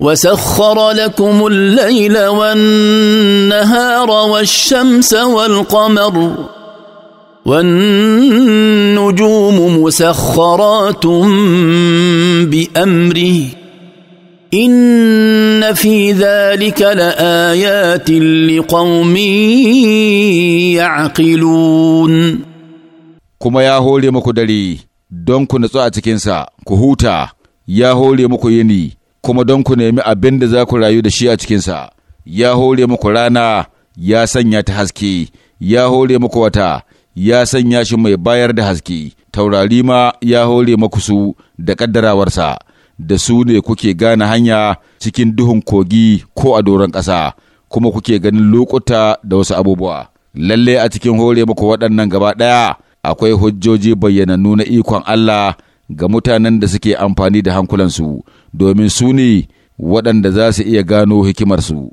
وسخر لكم الليل والنهار والشمس والقمر والنجوم مسخرات بامره ان في ذلك لايات لقوم يعقلون kuma ya hore muku dare don ku natsu a cikinsa ku huta ya hore muku yini kuma don ku nemi abin da za ku rayu da shi a cikinsa, ya hore muku rana ya sanya ta haske, ya hore muku wata ya sanya shi mai bayar da haske, taurari ma ya hore muku su da ƙaddarawarsa, da su ne kuke gane hanya cikin duhun kogi ko a doron ƙasa, kuma kuke ganin lokuta da wasu abubuwa. Lalle a cikin hore muku waɗannan gaba ɗaya akwai hujjoji bayyanannu na ikon Allah ga mutanen da suke amfani da hankulansu, domin su ne waɗanda za su iya gano hikimarsu.